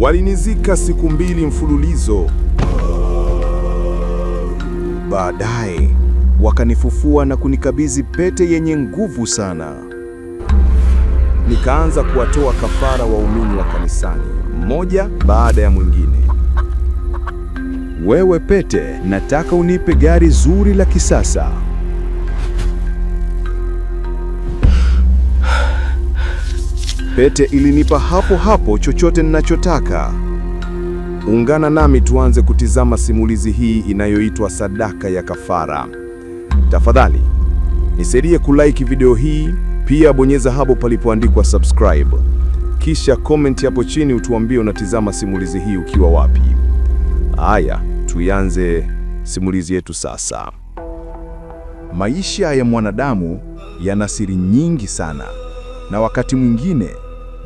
Walinizika siku mbili mfululizo. Baadaye wakanifufua na kunikabidhi pete yenye nguvu sana. Nikaanza kuwatoa kafara waumini wa kanisani mmoja baada ya mwingine. Wewe pete, nataka unipe gari zuri la kisasa. Pete ilinipa hapo hapo chochote ninachotaka. Ungana nami tuanze kutizama simulizi hii inayoitwa Sadaka ya Kafara. Tafadhali nisaidie kulike video hii, pia bonyeza hapo palipoandikwa subscribe, kisha comment hapo chini utuambie unatizama simulizi hii ukiwa wapi. Haya, tuianze simulizi yetu sasa. Maisha ya mwanadamu yana siri nyingi sana, na wakati mwingine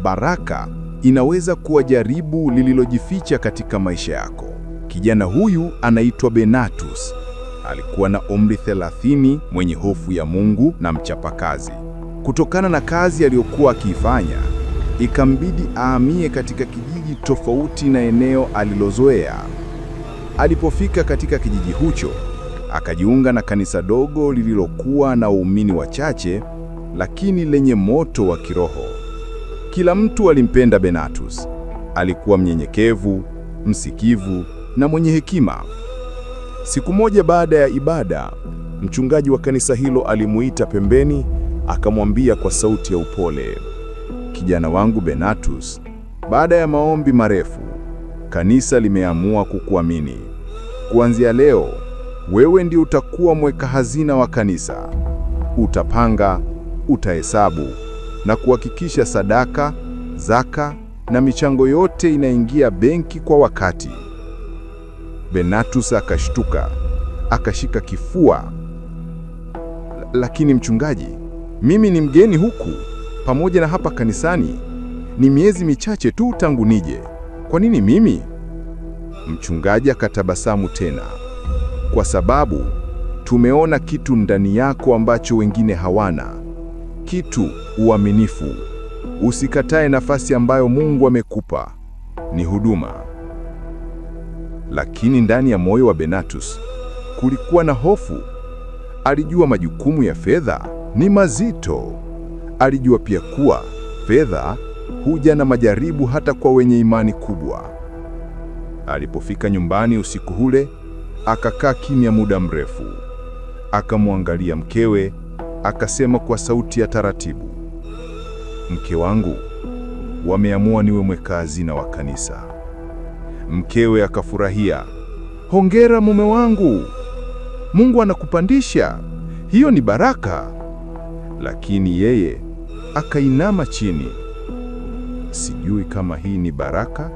baraka inaweza kuwa jaribu lililojificha katika maisha yako. Kijana huyu anaitwa Benatus. Alikuwa na umri 30, mwenye hofu ya Mungu na mchapakazi. Kutokana na kazi aliyokuwa akiifanya, ikambidi ahamie katika kijiji tofauti na eneo alilozoea. Alipofika katika kijiji hicho, akajiunga na kanisa dogo lililokuwa na waumini wachache, lakini lenye moto wa kiroho. Kila mtu alimpenda Benatus. Alikuwa mnyenyekevu, msikivu na mwenye hekima. Siku moja baada ya ibada, mchungaji wa kanisa hilo alimuita pembeni, akamwambia kwa sauti ya upole, kijana wangu Benatus, baada ya maombi marefu, kanisa limeamua kukuamini. Kuanzia leo, wewe ndio utakuwa mweka hazina wa kanisa. Utapanga, utahesabu na kuhakikisha sadaka, zaka na michango yote inaingia benki kwa wakati. Benatus akashtuka, akashika kifua. Lakini mchungaji, mimi ni mgeni huku pamoja na hapa kanisani. Ni miezi michache tu tangu nije. Kwa nini mimi? Mchungaji akatabasamu tena. Kwa sababu tumeona kitu ndani yako ambacho wengine hawana. Kitu uaminifu. Usikatae nafasi ambayo Mungu amekupa, ni huduma. Lakini ndani ya moyo wa Benatus kulikuwa na hofu. Alijua majukumu ya fedha ni mazito. Alijua pia kuwa fedha huja na majaribu hata kwa wenye imani kubwa. Alipofika nyumbani usiku ule, akakaa kimya muda mrefu. Akamwangalia mkewe, akasema kwa sauti ya taratibu, mke wangu, wameamua niwe mwekazina wa kanisa. Mkewe akafurahia, hongera mume wangu, Mungu anakupandisha, hiyo ni baraka. Lakini yeye akainama chini. Sijui kama hii ni baraka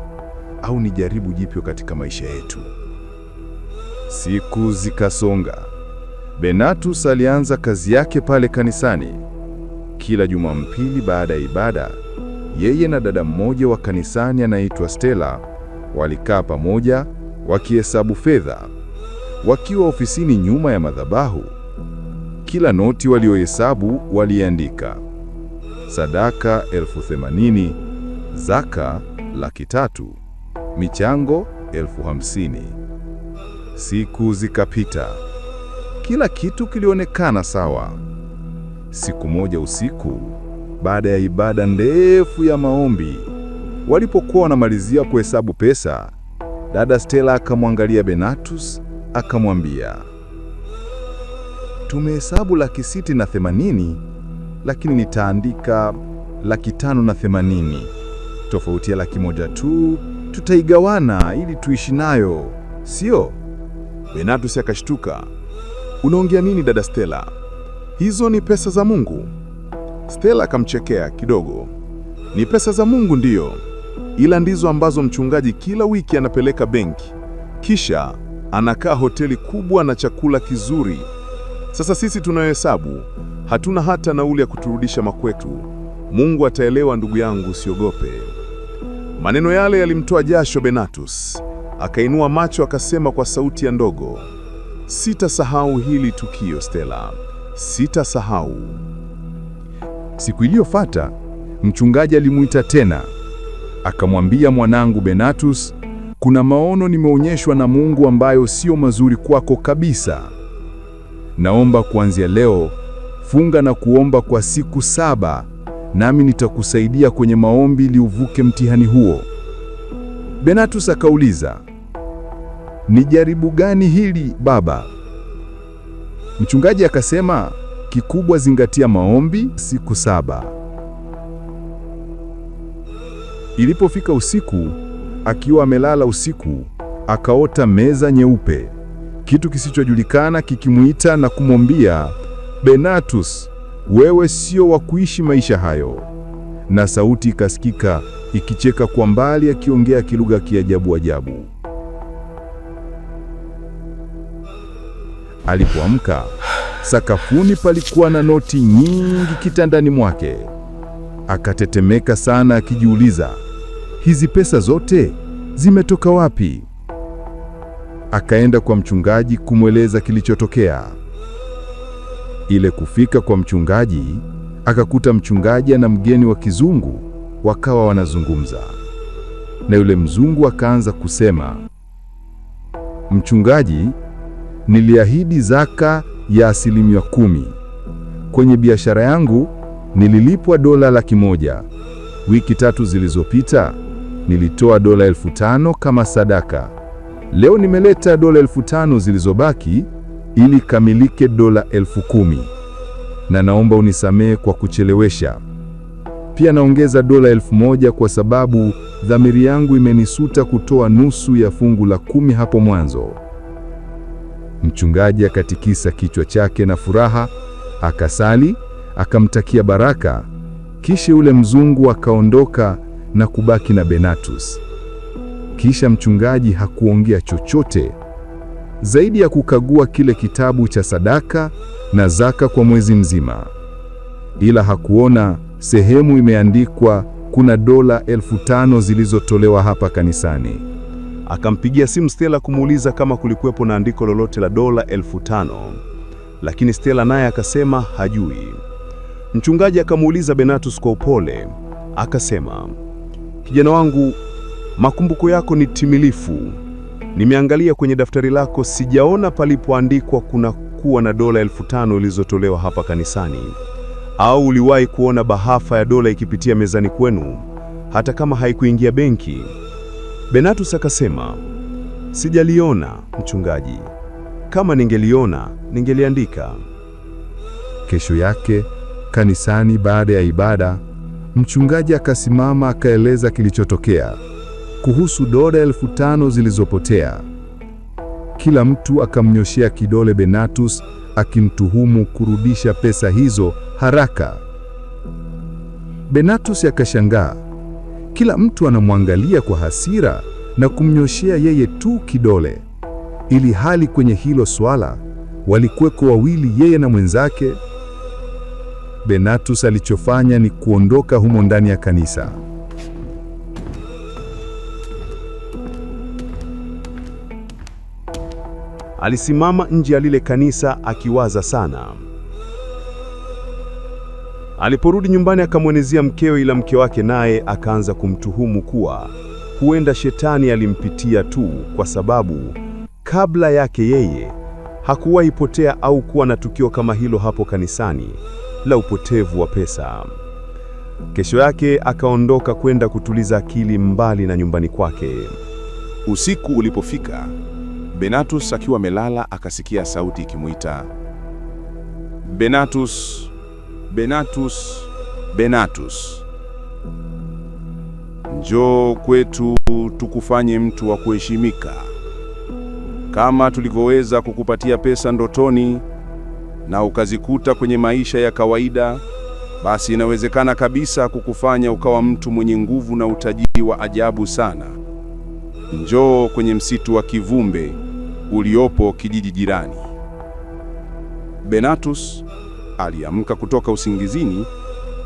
au ni jaribu jipya katika maisha yetu. Siku zikasonga. Benatus alianza kazi yake pale kanisani. Kila Jumapili baada ya ibada, yeye na dada mmoja wa kanisani anaitwa Stella walikaa pamoja wakihesabu fedha. Wakiwa ofisini nyuma ya madhabahu, kila noti waliohesabu waliandika: sadaka elfu themanini, zaka laki tatu, michango elfu hamsini. Siku zikapita, kila kitu kilionekana sawa. Siku moja usiku, baada ya ibada ndefu ya maombi, walipokuwa wanamalizia kuhesabu pesa, dada Stella akamwangalia Benatus akamwambia, tumehesabu laki sita na themanini, lakini nitaandika laki tano na themanini. Tofauti ya laki moja tu tutaigawana ili tuishi nayo, sio? Benatus akashtuka, unaongea nini dada Stella? hizo ni pesa za Mungu. Stella akamchekea kidogo. Ni pesa za Mungu ndiyo, ila ndizo ambazo mchungaji kila wiki anapeleka benki, kisha anakaa hoteli kubwa na chakula kizuri. Sasa sisi tunayohesabu hatuna hata nauli ya kuturudisha makwetu. Mungu ataelewa ndugu yangu, usiogope. Maneno yale yalimtoa jasho Benatus. Akainua macho akasema kwa sauti ya ndogo, sitasahau hili tukio Stella. Sitasahau. Siku iliyofuata mchungaji alimuita tena, akamwambia, mwanangu Benatus, kuna maono nimeonyeshwa na Mungu ambayo sio mazuri kwako kabisa. Naomba kuanzia leo funga na kuomba kwa siku saba, nami nitakusaidia kwenye maombi ili uvuke mtihani huo. Benatus akauliza, ni jaribu gani hili baba? Mchungaji akasema kikubwa, zingatia maombi siku saba. Ilipofika usiku, akiwa amelala usiku, akaota meza nyeupe, kitu kisichojulikana kikimwita na kumwambia, Benatus, wewe sio wa kuishi maisha hayo. Na sauti ikasikika ikicheka kwa mbali, akiongea kilugha kiajabu ajabu. Alipoamka sakafuni palikuwa na noti nyingi kitandani mwake. Akatetemeka sana, akijiuliza hizi pesa zote zimetoka wapi? Akaenda kwa mchungaji kumweleza kilichotokea. Ile kufika kwa mchungaji, akakuta mchungaji na mgeni wa kizungu wakawa wanazungumza, na yule mzungu akaanza kusema mchungaji niliahidi zaka ya asilimia kumi. Kwenye biashara yangu nililipwa dola laki moja. Wiki tatu zilizopita nilitoa dola elfu tano kama sadaka. Leo nimeleta dola elfu tano zilizobaki ili kamilike dola elfu kumi na naomba unisamehe kwa kuchelewesha. Pia naongeza dola elfu moja kwa sababu dhamiri yangu imenisuta kutoa nusu ya fungu la kumi hapo mwanzo. Mchungaji akatikisa kichwa chake na furaha, akasali, akamtakia baraka. Kisha yule mzungu akaondoka na kubaki na Benatus. Kisha mchungaji hakuongea chochote zaidi ya kukagua kile kitabu cha sadaka na zaka kwa mwezi mzima, ila hakuona sehemu imeandikwa kuna dola elfu tano zilizotolewa hapa kanisani. Akampigia simu Stella kumuuliza kama kulikuwepo na andiko lolote la dola elfu tano lakini Stella naye akasema hajui. Mchungaji akamuuliza Benatus kwa upole, akasema kijana wangu, makumbuko yako ni timilifu. Nimeangalia kwenye daftari lako, sijaona palipoandikwa kuna kuwa na dola elfu tano ilizotolewa hapa kanisani, au uliwahi kuona bahafa ya dola ikipitia mezani kwenu, hata kama haikuingia benki. Benatus akasema, sijaliona mchungaji, kama ningeliona ningeliandika. Kesho yake kanisani, baada ya ibada, mchungaji akasimama akaeleza kilichotokea kuhusu dola elfu tano zilizopotea. Kila mtu akamnyoshea kidole Benatus akimtuhumu kurudisha pesa hizo haraka. Benatus akashangaa kila mtu anamwangalia kwa hasira na kumnyoshea yeye tu kidole. Ili hali kwenye hilo swala walikuweko wawili, yeye na mwenzake. Benatus alichofanya ni kuondoka humo ndani ya kanisa. Alisimama nje ya lile kanisa akiwaza sana. Aliporudi nyumbani akamwenezia mkewe, ila mke wake naye akaanza kumtuhumu kuwa huenda shetani alimpitia tu, kwa sababu kabla yake yeye hakuwahi potea au kuwa na tukio kama hilo hapo kanisani la upotevu wa pesa. Kesho yake akaondoka kwenda kutuliza akili mbali na nyumbani kwake. Usiku ulipofika, Benatus akiwa amelala akasikia sauti ikimwita Benatus. Benatus, Benatus, njoo kwetu tukufanye mtu wa kuheshimika. Kama tulivyoweza kukupatia pesa ndotoni na ukazikuta kwenye maisha ya kawaida, basi inawezekana kabisa kukufanya ukawa mtu mwenye nguvu na utajiri wa ajabu sana. Njoo kwenye msitu wa Kivumbe uliopo kijiji jirani. Benatus aliamka kutoka usingizini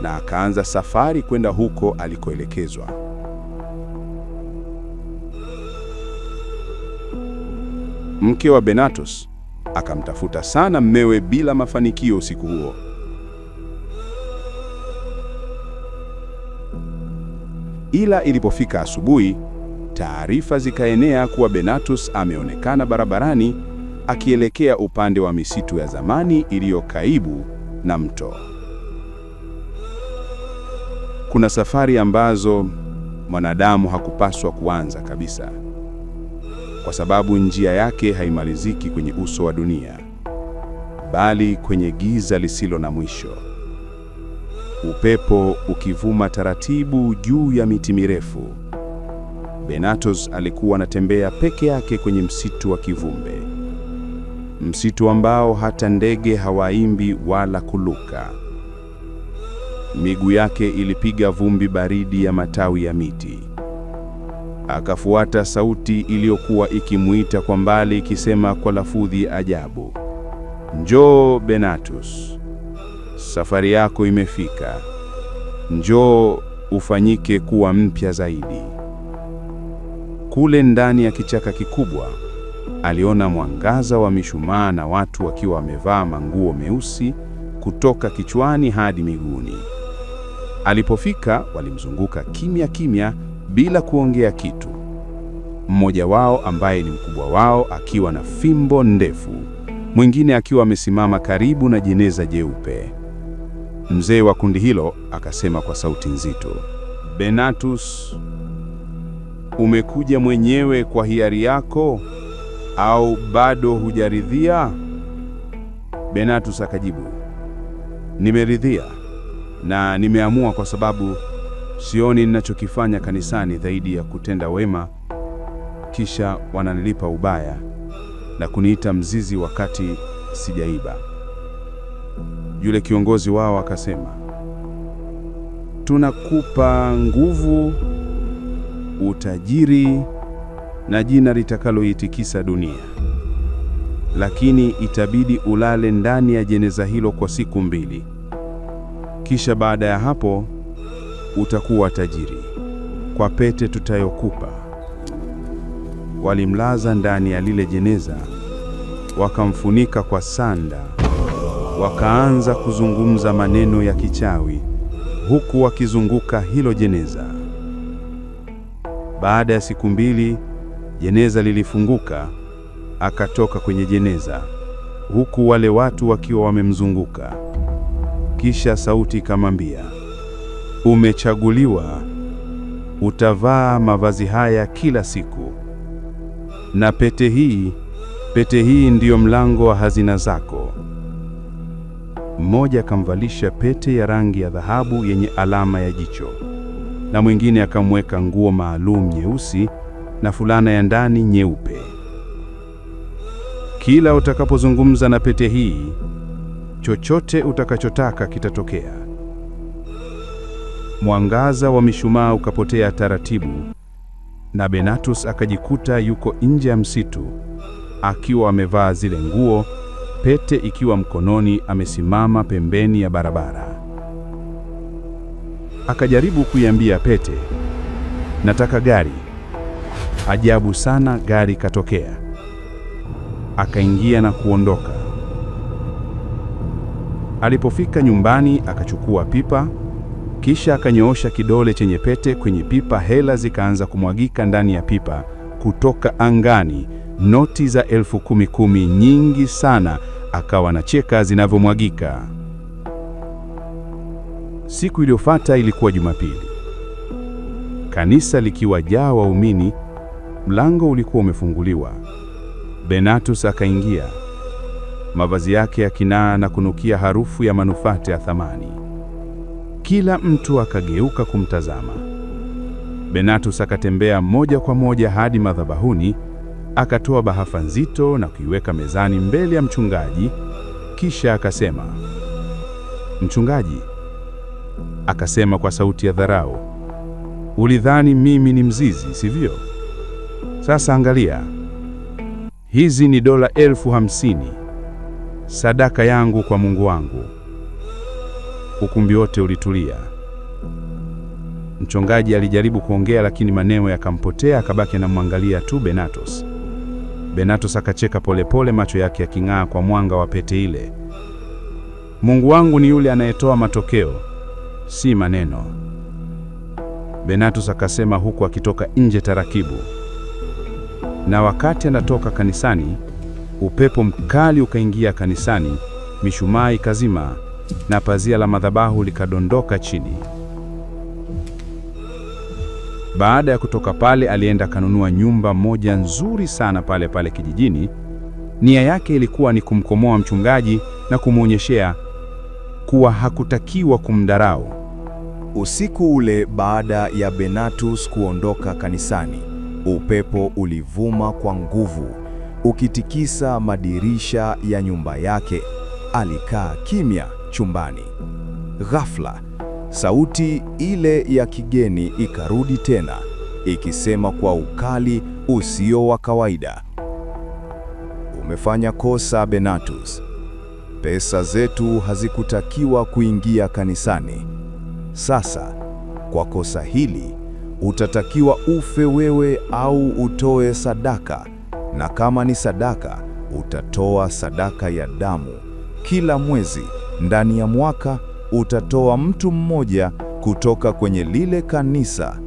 na akaanza safari kwenda huko alikoelekezwa. Mke wa Benatos akamtafuta sana mmewe bila mafanikio usiku huo. Ila ilipofika asubuhi, taarifa zikaenea kuwa Benatos ameonekana barabarani akielekea upande wa misitu ya zamani iliyokaibu na mto. Kuna safari ambazo mwanadamu hakupaswa kuanza kabisa, kwa sababu njia yake haimaliziki kwenye uso wa dunia, bali kwenye giza lisilo na mwisho. Upepo ukivuma taratibu juu ya miti mirefu, Benatos alikuwa anatembea peke yake kwenye msitu wa kivumbe msitu ambao hata ndege hawaimbi wala kuluka. Miguu yake ilipiga vumbi baridi ya matawi ya miti. Akafuata sauti iliyokuwa ikimuita kwa mbali, ikisema kwa lafudhi ajabu, njoo Benatus, safari yako imefika. Njoo ufanyike kuwa mpya zaidi. Kule ndani ya kichaka kikubwa aliona mwangaza wa mishumaa na watu wakiwa wamevaa manguo meusi kutoka kichwani hadi miguuni. Alipofika walimzunguka kimya kimya bila kuongea kitu, mmoja wao ambaye ni mkubwa wao akiwa na fimbo ndefu, mwingine akiwa amesimama karibu na jeneza jeupe. Mzee wa kundi hilo akasema kwa sauti nzito, Benatus, umekuja mwenyewe kwa hiari yako? au bado hujaridhia? Benatus akajibu, nimeridhia na nimeamua kwa sababu sioni ninachokifanya kanisani zaidi ya kutenda wema, kisha wananilipa ubaya na kuniita mzizi wakati sijaiba. Yule kiongozi wao akasema, tunakupa nguvu, utajiri na jina litakaloitikisa dunia. Lakini itabidi ulale ndani ya jeneza hilo kwa siku mbili. Kisha baada ya hapo utakuwa tajiri kwa pete tutayokupa. Walimlaza ndani ya lile jeneza, wakamfunika kwa sanda, wakaanza kuzungumza maneno ya kichawi huku wakizunguka hilo jeneza. Baada ya siku mbili jeneza lilifunguka, akatoka kwenye jeneza, huku wale watu wakiwa wamemzunguka. Kisha sauti ikamwambia, umechaguliwa, utavaa mavazi haya kila siku, na pete hii, pete hii ndiyo mlango wa hazina zako. Mmoja akamvalisha pete ya rangi ya dhahabu yenye alama ya jicho, na mwingine akamweka nguo maalum nyeusi na fulana ya ndani nyeupe. Kila utakapozungumza na pete hii, chochote utakachotaka kitatokea. Mwangaza wa mishumaa ukapotea taratibu, na Benatus akajikuta yuko nje ya msitu akiwa amevaa zile nguo, pete ikiwa mkononi, amesimama pembeni ya barabara. Akajaribu kuiambia pete, nataka gari Ajabu sana, gari katokea, akaingia na kuondoka. Alipofika nyumbani, akachukua pipa, kisha akanyoosha kidole chenye pete kwenye pipa. Hela zikaanza kumwagika ndani ya pipa kutoka angani, noti za elfu kumi kumi nyingi sana. Akawa na cheka zinavyomwagika. Siku iliyofuata ilikuwa Jumapili, kanisa likiwa jaa waumini. Mlango ulikuwa umefunguliwa. Benatus akaingia, mavazi yake yaking'aa na kunukia harufu ya manukato ya thamani. Kila mtu akageuka kumtazama. Benatus akatembea moja kwa moja hadi madhabahuni, akatoa bahafa nzito na kuiweka mezani mbele ya mchungaji, kisha akasema, "Mchungaji," akasema kwa sauti ya dharau, "ulidhani mimi ni mzizi, sivyo? Sasa angalia, hizi ni dola elfu hamsini sadaka yangu kwa Mungu wangu. Ukumbi wote ulitulia. mchongaji alijaribu kuongea lakini maneno yakampotea, akabaki anamwangalia tu Benatos. Benatos akacheka polepole, macho yake yaking'aa kwa mwanga wa pete ile. Mungu wangu ni yule anayetoa matokeo, si maneno, Benatos akasema huku akitoka nje taratibu. Na wakati anatoka kanisani, upepo mkali ukaingia kanisani, mishumaa ikazima na pazia la madhabahu likadondoka chini. Baada ya kutoka pale, alienda kanunua nyumba moja nzuri sana pale pale kijijini. Nia yake ilikuwa ni kumkomoa mchungaji na kumwonyeshea kuwa hakutakiwa kumdarau. Usiku ule baada ya Benatus kuondoka kanisani, Upepo ulivuma kwa nguvu, ukitikisa madirisha ya nyumba yake. Alikaa kimya chumbani. Ghafla, sauti ile ya kigeni ikarudi tena, ikisema kwa ukali usio wa kawaida. Umefanya kosa Benatus. Pesa zetu hazikutakiwa kuingia kanisani. Sasa, kwa kosa hili utatakiwa ufe wewe au utoe sadaka, na kama ni sadaka, utatoa sadaka ya damu. Kila mwezi ndani ya mwaka utatoa mtu mmoja kutoka kwenye lile kanisa,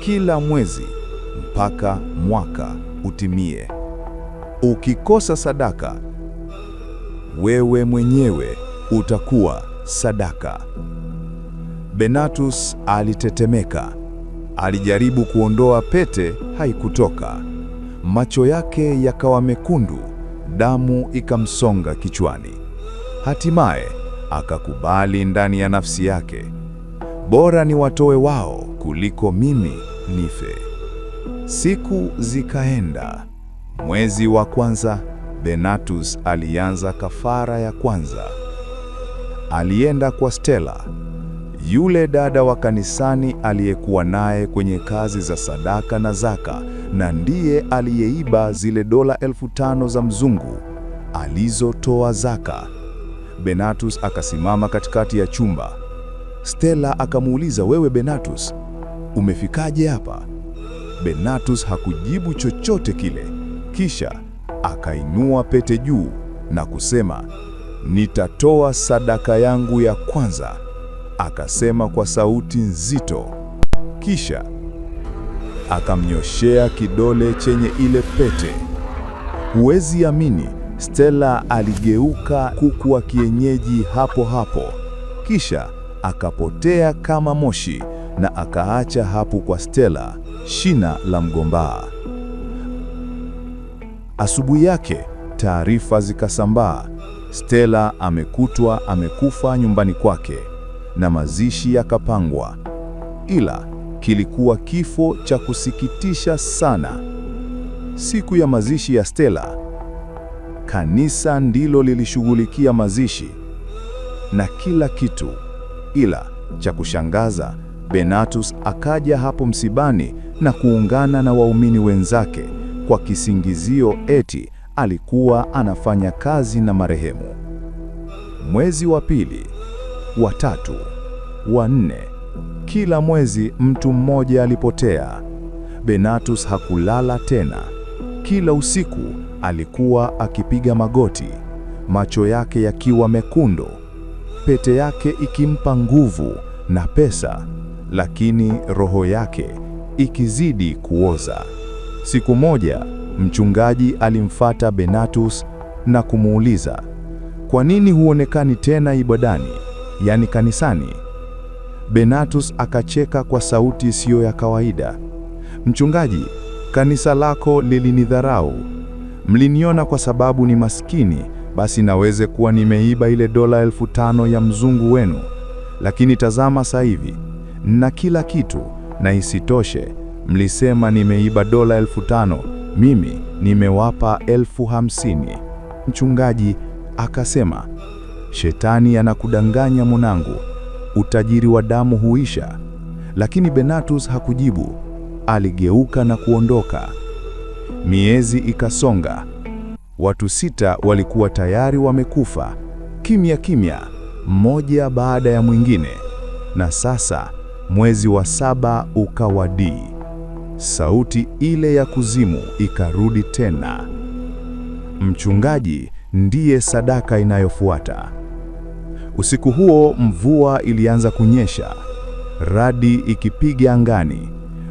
kila mwezi mpaka mwaka utimie. Ukikosa sadaka, wewe mwenyewe utakuwa sadaka. Benatus alitetemeka. Alijaribu kuondoa pete, haikutoka. Macho yake yakawa mekundu, damu ikamsonga kichwani. Hatimaye akakubali ndani ya nafsi yake, bora ni watoe wao kuliko mimi nife. Siku zikaenda. Mwezi wa kwanza, Benatus alianza kafara ya kwanza. Alienda kwa Stella yule dada wa kanisani aliyekuwa naye kwenye kazi za sadaka na zaka, na ndiye aliyeiba zile dola elfu tano za mzungu alizotoa zaka. Benatus akasimama katikati ya chumba. Stella akamuuliza, wewe Benatus, umefikaje hapa? Benatus hakujibu chochote kile, kisha akainua pete juu na kusema, nitatoa sadaka yangu ya kwanza akasema kwa sauti nzito, kisha akamnyoshea kidole chenye ile pete. Huwezi amini, Stella aligeuka kuku wa kienyeji hapo hapo, kisha akapotea kama moshi na akaacha hapo kwa Stella shina la mgombaa. Asubuhi yake taarifa zikasambaa, Stella amekutwa amekufa nyumbani kwake na mazishi yakapangwa, ila kilikuwa kifo cha kusikitisha sana. Siku ya mazishi ya Stella, kanisa ndilo lilishughulikia mazishi na kila kitu, ila cha kushangaza, Benatus akaja hapo msibani na kuungana na waumini wenzake kwa kisingizio eti alikuwa anafanya kazi na marehemu. Mwezi wa pili watatu, wanne. Kila mwezi mtu mmoja alipotea. Benatus hakulala tena. Kila usiku alikuwa akipiga magoti, macho yake yakiwa mekundo pete yake ikimpa nguvu na pesa, lakini roho yake ikizidi kuoza. Siku moja mchungaji alimfata Benatus na kumuuliza, kwa nini huonekani tena ibadani? yaani kanisani. Benatus akacheka kwa sauti isiyo ya kawaida. Mchungaji, kanisa lako lilinidharau. Mliniona kwa sababu ni maskini, basi naweze kuwa nimeiba ile dola elfu tano ya mzungu wenu. Lakini tazama sasa hivi, na kila kitu, na isitoshe mlisema nimeiba dola elfu tano, mimi nimewapa elfu hamsini. Mchungaji akasema Shetani anakudanganya mwanangu, utajiri wa damu huisha. Lakini Benatus hakujibu, aligeuka na kuondoka. Miezi ikasonga, watu sita walikuwa tayari wamekufa kimya kimya, mmoja baada ya mwingine, na sasa mwezi wa saba ukawadii. Sauti ile ya kuzimu ikarudi tena, mchungaji ndiye sadaka inayofuata. Usiku huo mvua ilianza kunyesha, radi ikipiga angani.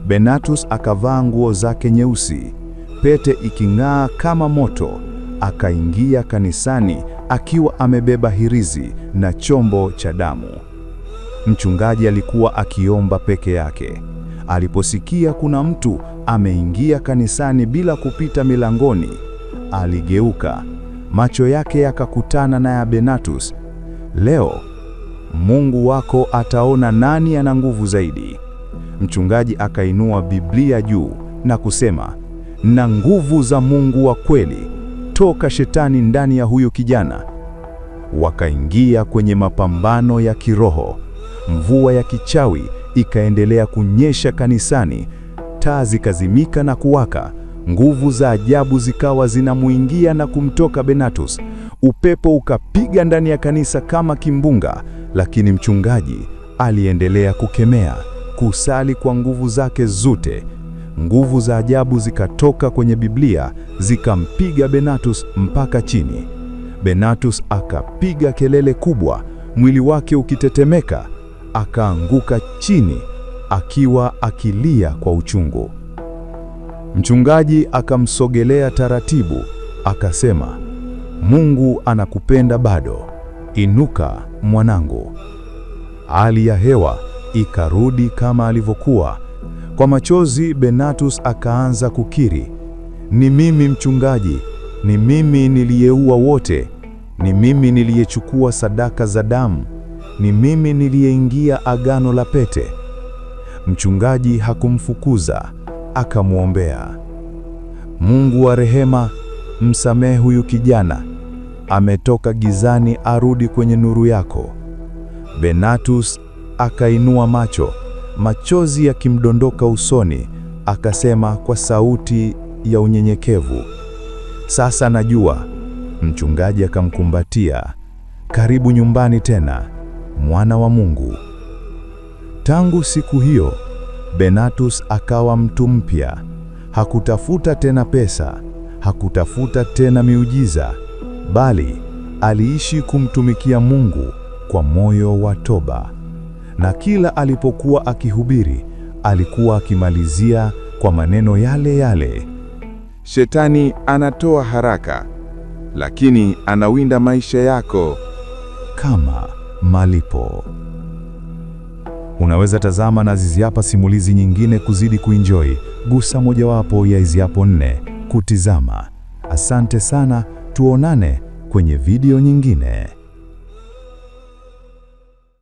Benatus akavaa nguo zake nyeusi, pete iking'aa kama moto, akaingia kanisani akiwa amebeba hirizi na chombo cha damu. Mchungaji alikuwa akiomba peke yake. Aliposikia kuna mtu ameingia kanisani bila kupita milangoni, aligeuka, macho yake yakakutana na ya Benatus Leo Mungu wako ataona nani ana nguvu zaidi. Mchungaji akainua Biblia juu na kusema, na nguvu za Mungu wa kweli, toka shetani ndani ya huyo kijana. Wakaingia kwenye mapambano ya kiroho. Mvua ya kichawi ikaendelea kunyesha kanisani, taa zikazimika na kuwaka. Nguvu za ajabu zikawa zinamuingia na kumtoka Benatus, Upepo ukapiga ndani ya kanisa kama kimbunga, lakini mchungaji aliendelea kukemea, kusali kwa nguvu zake zote. Nguvu za ajabu zikatoka kwenye Biblia zikampiga Benatus mpaka chini. Benatus akapiga kelele kubwa, mwili wake ukitetemeka, akaanguka chini akiwa akilia kwa uchungu. Mchungaji akamsogelea taratibu, akasema Mungu anakupenda bado. Inuka mwanangu. Hali ya hewa ikarudi kama alivyokuwa. Kwa machozi, Benatus akaanza kukiri, ni mimi mchungaji, ni mimi niliyeua wote, ni mimi niliyechukua sadaka za damu, ni mimi niliyeingia agano la pete. Mchungaji hakumfukuza, akamwombea. Mungu wa rehema, msamehe huyu kijana ametoka gizani arudi kwenye nuru yako. Benatus akainua macho, machozi yakimdondoka usoni, akasema kwa sauti ya unyenyekevu, sasa najua. Mchungaji akamkumbatia, karibu nyumbani tena, mwana wa Mungu. Tangu siku hiyo Benatus akawa mtu mpya. Hakutafuta tena pesa, hakutafuta tena miujiza bali aliishi kumtumikia Mungu kwa moyo wa toba, na kila alipokuwa akihubiri alikuwa akimalizia kwa maneno yale yale: Shetani anatoa haraka, lakini anawinda maisha yako kama malipo. Unaweza tazama na ziziapa simulizi nyingine kuzidi kuenjoy. Gusa mojawapo ya iziapo hapo nne: kutizama. Asante sana. Tuonane kwenye video nyingine.